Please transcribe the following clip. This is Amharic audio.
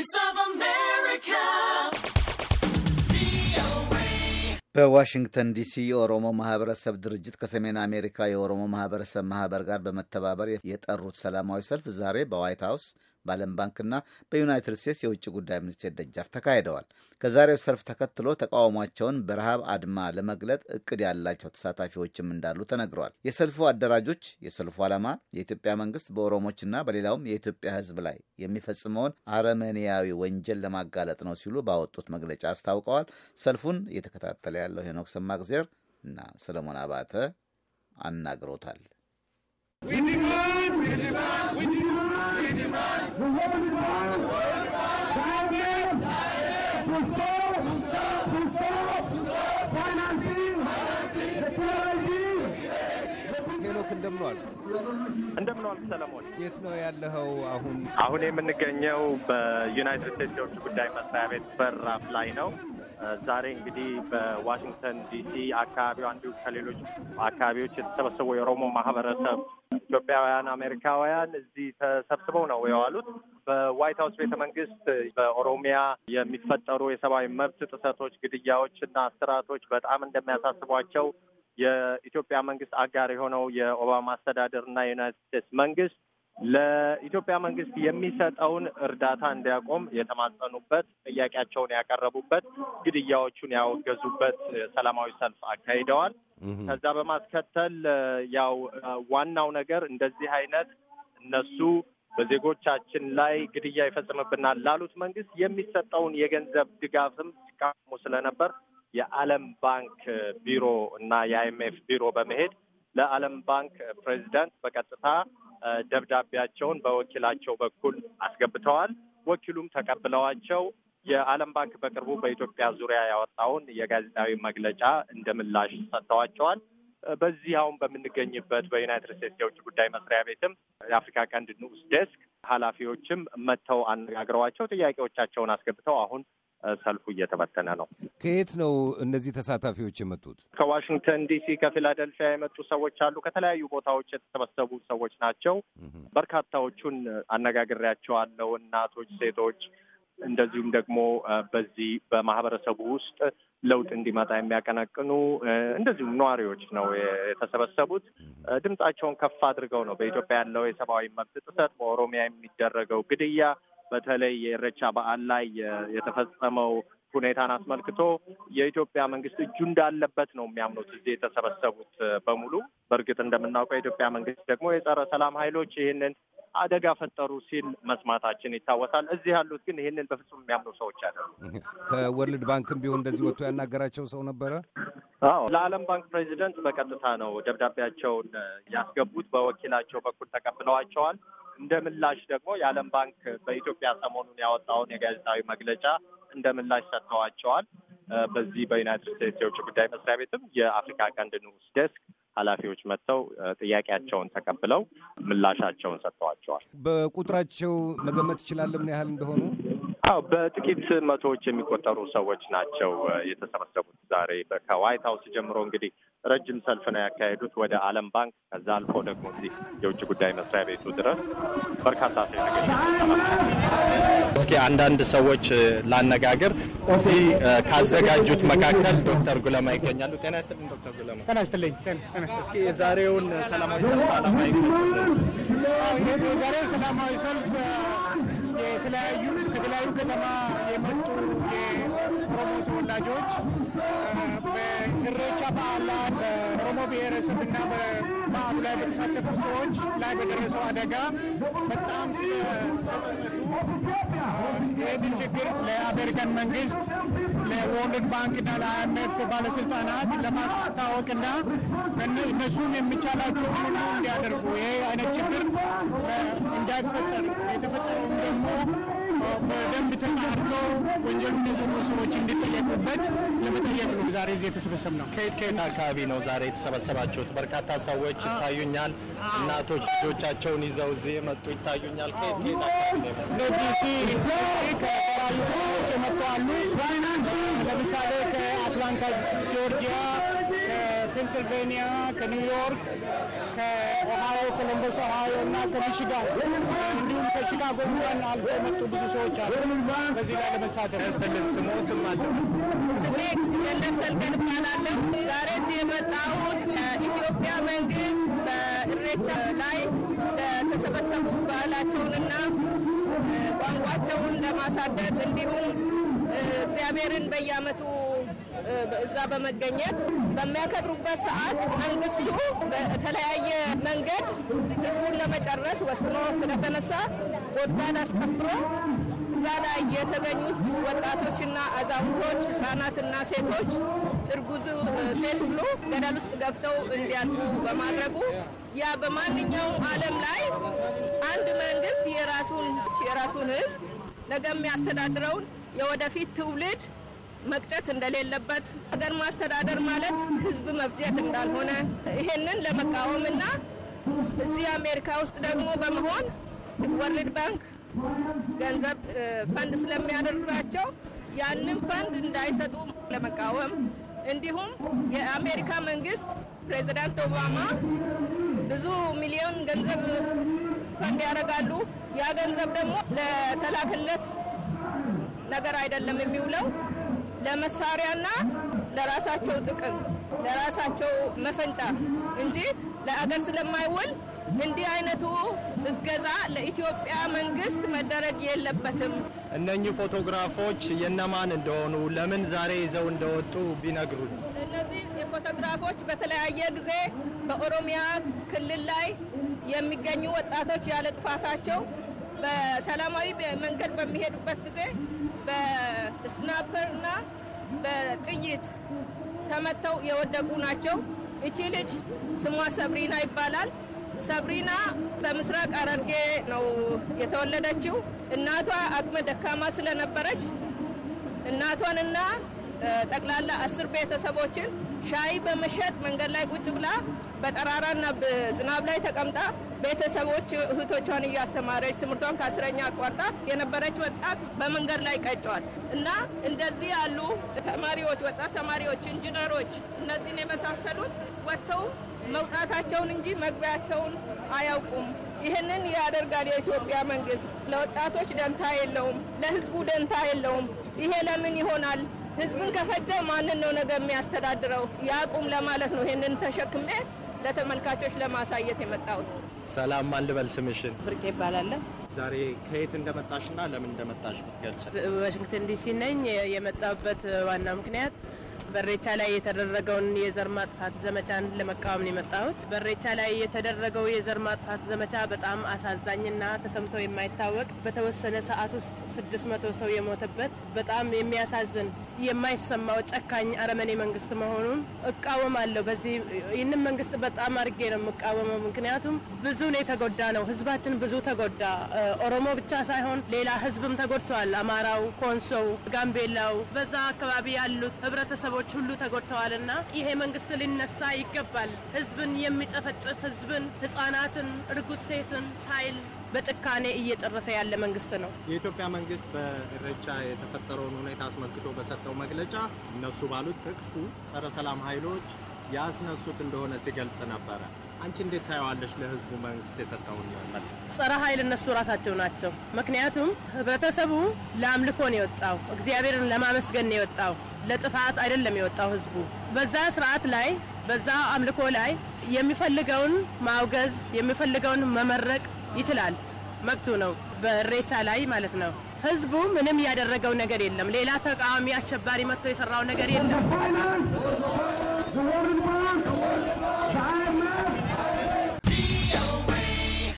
Voice of America. በዋሽንግተን ዲሲ የኦሮሞ ማህበረሰብ ድርጅት ከሰሜን አሜሪካ የኦሮሞ ማህበረሰብ ማህበር ጋር በመተባበር የጠሩት ሰላማዊ ሰልፍ ዛሬ በዋይት ሀውስ በዓለም ባንክና በዩናይትድ ስቴትስ የውጭ ጉዳይ ሚኒስቴር ደጃፍ ተካሂደዋል። ከዛሬው ሰልፍ ተከትሎ ተቃውሟቸውን በረሃብ አድማ ለመግለጥ እቅድ ያላቸው ተሳታፊዎችም እንዳሉ ተነግረዋል። የሰልፉ አደራጆች የሰልፉ ዓላማ የኢትዮጵያ መንግስት በኦሮሞችና በሌላውም የኢትዮጵያ ሕዝብ ላይ የሚፈጽመውን አረመኔያዊ ወንጀል ለማጋለጥ ነው ሲሉ ባወጡት መግለጫ አስታውቀዋል። ሰልፉን እየተከታተለ ያለው ሄኖክ ሰማግዜር እና ሰለሞን አባተ አናግሮታል። እንደምንዋል እንደምን ሰለሞን። የት ነው ያለኸው አሁን? አሁን የምንገኘው በዩናይትድ ስቴትስ የውጭ ጉዳይ መስሪያ ቤት በራፍ ላይ ነው። ዛሬ እንግዲህ በዋሽንግተን ዲሲ አካባቢው አንዱ ከሌሎች አካባቢዎች የተሰበሰቡ የኦሮሞ ማህበረሰብ ኢትዮጵያውያን አሜሪካውያን እዚህ ተሰብስበው ነው የዋሉት። በዋይት ሀውስ ቤተ መንግስት በኦሮሚያ የሚፈጠሩ የሰብአዊ መብት ጥሰቶች፣ ግድያዎች እና እስራቶች በጣም እንደሚያሳስቧቸው የኢትዮጵያ መንግስት አጋር የሆነው የኦባማ አስተዳደር እና የዩናይትድ ስቴትስ መንግስት ለኢትዮጵያ መንግስት የሚሰጠውን እርዳታ እንዲያቆም የተማጸኑበት፣ ጥያቄያቸውን ያቀረቡበት፣ ግድያዎቹን ያወገዙበት ሰላማዊ ሰልፍ አካሂደዋል። ከዛ በማስከተል ያው ዋናው ነገር እንደዚህ አይነት እነሱ በዜጎቻችን ላይ ግድያ ይፈጽምብናል ላሉት መንግስት የሚሰጠውን የገንዘብ ድጋፍም ሲቃወሙ ስለነበር የዓለም ባንክ ቢሮ እና የአይኤምኤፍ ቢሮ በመሄድ ለዓለም ባንክ ፕሬዚዳንት በቀጥታ ደብዳቤያቸውን በወኪላቸው በኩል አስገብተዋል። ወኪሉም ተቀብለዋቸው የዓለም ባንክ በቅርቡ በኢትዮጵያ ዙሪያ ያወጣውን የጋዜጣዊ መግለጫ እንደ ምላሽ ሰጥተዋቸዋል። በዚህ አሁን በምንገኝበት በዩናይትድ ስቴትስ የውጭ ጉዳይ መስሪያ ቤትም የአፍሪካ ቀንድ ንዑስ ዴስክ ኃላፊዎችም መጥተው አነጋግረዋቸው ጥያቄዎቻቸውን አስገብተው አሁን ሰልፉ እየተበተነ ነው። ከየት ነው እነዚህ ተሳታፊዎች የመጡት? ከዋሽንግተን ዲሲ፣ ከፊላደልፊያ የመጡ ሰዎች አሉ። ከተለያዩ ቦታዎች የተሰበሰቡ ሰዎች ናቸው። በርካታዎቹን አነጋግሬያቸዋለሁ። እናቶች፣ ሴቶች እንደዚሁም ደግሞ በዚህ በማህበረሰቡ ውስጥ ለውጥ እንዲመጣ የሚያቀነቅኑ እንደዚሁም ነዋሪዎች ነው የተሰበሰቡት። ድምጻቸውን ከፍ አድርገው ነው በኢትዮጵያ ያለው የሰብአዊ መብት ጥሰት፣ በኦሮሚያ የሚደረገው ግድያ በተለይ የኢሬቻ በዓል ላይ የተፈጸመው ሁኔታን አስመልክቶ የኢትዮጵያ መንግስት እጁ እንዳለበት ነው የሚያምኑት እዚህ የተሰበሰቡት በሙሉ። በእርግጥ እንደምናውቀው የኢትዮጵያ መንግስት ደግሞ የጸረ ሰላም ኃይሎች ይህንን አደጋ ፈጠሩ ሲል መስማታችን ይታወሳል። እዚህ ያሉት ግን ይህንን በፍጹም የሚያምኑ ሰዎች አደሉ። ከወርልድ ባንክም ቢሆን እንደዚህ ወጥቶ ያናገራቸው ሰው ነበረ። አዎ ለዓለም ባንክ ፕሬዚደንት በቀጥታ ነው ደብዳቤያቸውን ያስገቡት። በወኪላቸው በኩል ተቀብለዋቸዋል። እንደ ምላሽ ደግሞ የዓለም ባንክ በኢትዮጵያ ሰሞኑን ያወጣውን የጋዜጣዊ መግለጫ እንደ ምላሽ ሰጥተዋቸዋል። በዚህ በዩናይትድ ስቴትስ የውጭ ጉዳይ መስሪያ ቤትም የአፍሪካ ቀንድ ንዑስ ዴስክ ኃላፊዎች መጥተው ጥያቄያቸውን ተቀብለው ምላሻቸውን ሰጥተዋቸዋል። በቁጥራቸው መገመት ትችላለህ ምን ያህል እንደሆኑ? አዎ በጥቂት መቶዎች የሚቆጠሩ ሰዎች ናቸው የተሰበሰቡት ዛሬ ከዋይት ሀውስ ጀምሮ እንግዲህ ረጅም ሰልፍ ነው ያካሄዱት ወደ ዓለም ባንክ ከዛ አልፎ ደግሞ እዚህ የውጭ ጉዳይ መስሪያ ቤቱ ድረስ በርካታ ሰው የተገኘ። እስኪ አንዳንድ ሰዎች ላነጋግር። እዚህ ካዘጋጁት መካከል ዶክተር ጉለማ ይገኛሉ። ጤና ይስጥልኝ ዶክተር ጉለማ። ጤና ይስጥልኝ። እስኪ የዛሬውን ሰላማዊ ሰልፍ አላማ ይገኛል። የዛሬው ሰላማዊ ሰልፍ የተለያዩ ከተለያዩ ከተማ የመጡ የኦሮሞ ተወላጆች በኢሬቻ በዓል ላይ በኦሮሞ ብሔረሰብ ብሔረሰብና በበዓሉ ላይ በተሳተፉ ሰዎች ላይ በደረሰው አደጋ በጣም ይህንን ችግር ለአሜሪካን መንግስት፣ ለወርልድ ባንክና ለአይኤምኤፍ ባለስልጣናት ለማስታወቅ ለማስታወቅና እነሱም የሚቻላቸው ሁሉ እንዲያደርጉ ይህ አይነት ችግር እንዳይፈጠር የተፈጠረውም ደግሞ በደንብ ተጣርሎ ወንጀሉን የሰሩ ሰዎች እንዲጠየቁበት ለመጠየቅ ነው ዛሬ እዚህ የተሰበሰብ ነው። ከየት ከየት አካባቢ ነው ዛሬ የተሰበሰባችሁት? በርካታ ሰዎች ይታዩኛል። እናቶች ልጆቻቸውን ይዘው እዚህ የመጡ ይታዩኛል። ከየት ከየት አካባቢ ከተለያዩ የመጡ አሉ። ለምሳሌ ከአትላንታ ጆርጂያ ከፔንስልቬኒያ፣ ከኒውዮርክ፣ ከኦሃዮ፣ ኮሎምበስ ኦሃዮ እና ከሚሽጋን እንዲሁም ከሺካጎ እንኳን አልፎ የመጡ ብዙ ሰዎች አሉ። በዚህ ላይ ለመሳተፍ ስትልን ስሞትም አለ። ስሜ መለስ ሰልቀን እባላለሁ። ዛሬ እዚህ የመጣሁት ኢትዮጵያ መንግስት በእሬቻ ላይ ለተሰበሰቡ ባህላቸውንና ቋንቋቸውን ለማሳደግ እንዲሁም እግዚአብሔርን በየአመቱ እዛ በመገኘት በሚያከብሩበት ሰዓት መንግስቱ በተለያየ መንገድ ህዝቡን ለመጨረስ ወስኖ ስለተነሳ ጎዳን አስከፍሎ እዛ ላይ የተገኙት ወጣቶችና አዛውንቶች፣ ህጻናትና ሴቶች እርጉዝ ሴት ሁሉ ገደል ውስጥ ገብተው እንዲያልፉ በማድረጉ ያ በማንኛውም ዓለም ላይ አንድ መንግስት የራሱን የራሱን ህዝብ ነገ የሚያስተዳድረውን የወደፊት ትውልድ መቅጨት እንደሌለበት ሀገር ማስተዳደር ማለት ህዝብ መፍጀት እንዳልሆነ ይህንን እና እዚህ አሜሪካ ውስጥ ደግሞ በመሆን ወርልድ ባንክ ገንዘብ ፈንድ ስለሚያደርጋቸው ያንን ፈንድ እንዳይሰጡ ለመቃወም እንዲሁም የአሜሪካ መንግስት ፕሬዚዳንት ኦባማ ብዙ ሚሊዮን ገንዘብ ፈንድ ያደርጋሉ። ያ ገንዘብ ደግሞ ለተላክለት ነገር አይደለም የሚውለው ለመሳሪያና ለራሳቸው ጥቅም ለራሳቸው መፈንጫ እንጂ ለአገር ስለማይውል እንዲህ አይነቱ እገዛ ለኢትዮጵያ መንግስት መደረግ የለበትም። እነኚህ ፎቶግራፎች የነማን እንደሆኑ ለምን ዛሬ ይዘው እንደወጡ ቢነግሩን። እነዚህ የፎቶግራፎች በተለያየ ጊዜ በኦሮሚያ ክልል ላይ የሚገኙ ወጣቶች ያለ ጥፋታቸው በሰላማዊ መንገድ በሚሄዱበት ጊዜ በስናፐር እና በጥይት ተመተው የወደቁ ናቸው። እቺ ልጅ ስሟ ሰብሪና ይባላል። ሰብሪና በምስራቅ ሐረርጌ ነው የተወለደችው። እናቷ አቅመ ደካማ ስለነበረች እናቷንና ጠቅላላ አስር ቤተሰቦችን ሻይ በመሸጥ መንገድ ላይ ቁጭ ብላ በጠራራና በዝናብ ላይ ተቀምጣ ቤተሰቦች እህቶቿን እያስተማረች ትምህርቷን ከአስረኛ አቋርጣ የነበረች ወጣት በመንገድ ላይ ቀጯት እና እንደዚህ ያሉ ተማሪዎች፣ ወጣት ተማሪዎች፣ ኢንጂነሮች እነዚህን የመሳሰሉት ወጥተው መውጣታቸውን እንጂ መግቢያቸውን አያውቁም። ይህንን ያደርጋል የኢትዮጵያ መንግስት። ለወጣቶች ደንታ የለውም፣ ለህዝቡ ደንታ የለውም። ይሄ ለምን ይሆናል? ህዝቡን ከፈጀ ማንን ነው ነገ የሚያስተዳድረው? ያቁም ለማለት ነው። ይህንን ተሸክሜ ለተመልካቾች ለማሳየት የመጣሁት። ሰላም አልበል ስምሽን? ብርቄ ይባላለሁ። ዛሬ ከየት እንደመጣሽና ለምን እንደመጣሽ ብትገልጪ። ዋሽንግተን ዲሲ ነኝ። የመጣሁበት ዋና ምክንያት በሬቻ ላይ የተደረገውን የዘር ማጥፋት ዘመቻን ለመቃወም ነው የመጣሁት። በሬቻ ላይ የተደረገው የዘር ማጥፋት ዘመቻ በጣም አሳዛኝና ተሰምቶ የማይታወቅ በተወሰነ ሰዓት ውስጥ ስድስት መቶ ሰው የሞተበት በጣም የሚያሳዝን የማይሰማው ጨካኝ አረመኔ መንግስት መሆኑን እቃወማለሁ። በዚህ ይህንን መንግስት በጣም አድርጌ ነው የምቃወመው። ምክንያቱም ብዙ ነው የተጎዳ ነው ህዝባችን፣ ብዙ ተጎዳ። ኦሮሞ ብቻ ሳይሆን ሌላ ህዝብም ተጎድተዋል። አማራው፣ ኮንሶው፣ ጋምቤላው በዛ አካባቢ ያሉት ህብረተሰቦች ሁሉ ተጎድተዋል እና ይሄ መንግስት ሊነሳ ይገባል። ህዝብን የሚጨፈጭፍ ህዝብን፣ ህጻናትን፣ እርጉዝ ሴትን ሳይል በጭካኔ እየጨረሰ ያለ መንግስት ነው። የኢትዮጵያ መንግስት በኢሬቻ የተፈጠረውን ሁኔታ አስመልክቶ በሰጠው መግለጫ እነሱ ባሉት ጥቅሱ ጸረ ሰላም ኃይሎች ያስነሱት እንደሆነ ሲገልጽ ነበረ። አንቺ እንዴት ታየዋለሽ? ለህዝቡ መንግስት የሰጠውን ጸረ ኃይል እነሱ ራሳቸው ናቸው። ምክንያቱም ህብረተሰቡ ለአምልኮ ነው የወጣው፣ እግዚአብሔርን ለማመስገን ነው የወጣው፣ ለጥፋት አይደለም የወጣው ህዝቡ። በዛ ስርዓት ላይ በዛ አምልኮ ላይ የሚፈልገውን ማውገዝ የሚፈልገውን መመረቅ ይችላል፣ መብቱ ነው። በሬቻ ላይ ማለት ነው። ህዝቡ ምንም ያደረገው ነገር የለም። ሌላ ተቃዋሚ አሸባሪ መጥቶ የሰራው ነገር የለም።